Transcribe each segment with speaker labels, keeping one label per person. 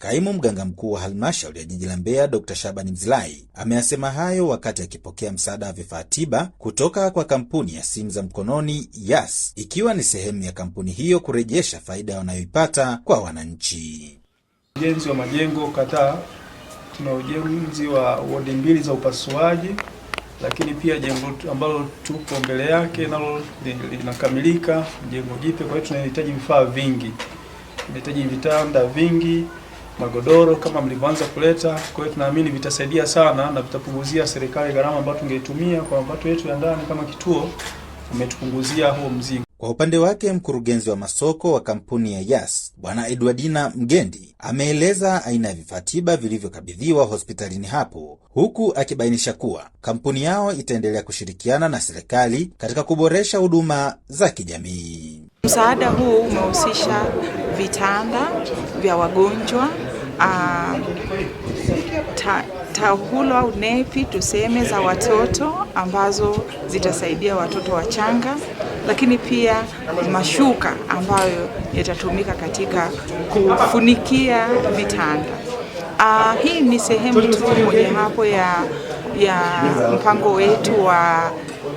Speaker 1: Kaimu mganga mkuu wa halmashauri ya jiji la Mbeya d Shabani Mzilai ameyasema hayo wakati akipokea msaada wa vifaa tiba kutoka kwa kampuni ya simu za mkononi Yas, ikiwa ni sehemu ya kampuni hiyo kurejesha faida wanayoipata kwa wananchi.
Speaker 2: Ujenzi wa majengo kadhaa, tuna ujenzi wa wodi mbili za upasuaji, lakini pia jengo ambalo tupo mbele yake nalo linakamilika, jengo jipya. Kwa hiyo tunahitaji vifaa vingi, tunahitaji vitanda vingi magodoro kama mlivyoanza kuleta. Kwa hiyo tunaamini vitasaidia sana na vitapunguzia serikali gharama ambayo tungeitumia kwa mapato yetu ya ndani kama kituo, umetupunguzia huo mzigo.
Speaker 1: Kwa upande wake mkurugenzi wa masoko wa kampuni ya Yas Bwana Edwardina Mgendi ameeleza aina ya vifaa tiba vilivyokabidhiwa hospitalini hapo, huku akibainisha kuwa kampuni yao itaendelea kushirikiana na serikali katika kuboresha huduma za kijamii.
Speaker 3: Msaada huu umehusisha vitanda vya wagonjwa uh, ta, taulo au nepi tuseme za watoto ambazo zitasaidia watoto wachanga, lakini pia mashuka ambayo yatatumika katika kufunikia vitanda. Uh, hii ni sehemu tu mojawapo ya, ya mpango wetu wa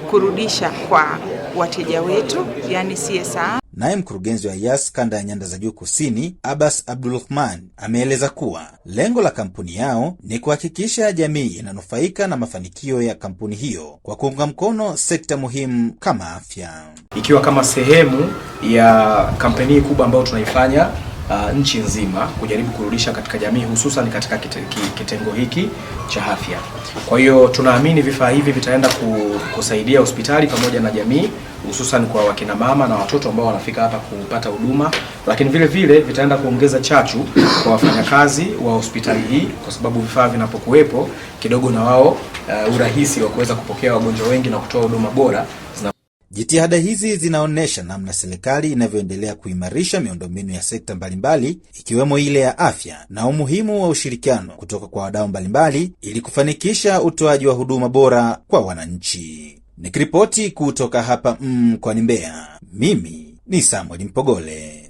Speaker 3: kurudisha kwa wateja wetu, yani CSR.
Speaker 1: Naye mkurugenzi wa yas kanda ya nyanda za juu kusini, Abbas Abdulrahman, ameeleza kuwa lengo la kampuni yao ni kuhakikisha jamii inanufaika na mafanikio ya kampuni hiyo kwa kuunga mkono sekta muhimu kama afya,
Speaker 4: ikiwa kama sehemu ya kampeni kubwa ambayo tunaifanya uh, nchi nzima kujaribu kurudisha katika jamii, hususan katika kitengo hiki cha afya. Kwa hiyo tunaamini vifaa hivi vitaenda kusaidia hospitali pamoja na jamii, hususan kwa wakina mama na watoto ambao wanafika hapa kupata huduma, lakini vile vile vitaenda kuongeza chachu kwa wafanyakazi wa hospitali hii, kwa sababu vifaa vinapokuwepo kidogo na wao uh, urahisi wa kuweza kupokea wagonjwa wengi na kutoa huduma bora
Speaker 1: Jitihada hizi zinaonyesha namna serikali inavyoendelea kuimarisha miundombinu ya sekta mbalimbali ikiwemo ile ya afya na umuhimu wa ushirikiano kutoka kwa wadau mbalimbali ili kufanikisha utoaji wa huduma bora kwa wananchi. Nikiripoti kutoka hapa mkoani mm, Mbeya, mimi ni Samwel Mpogole.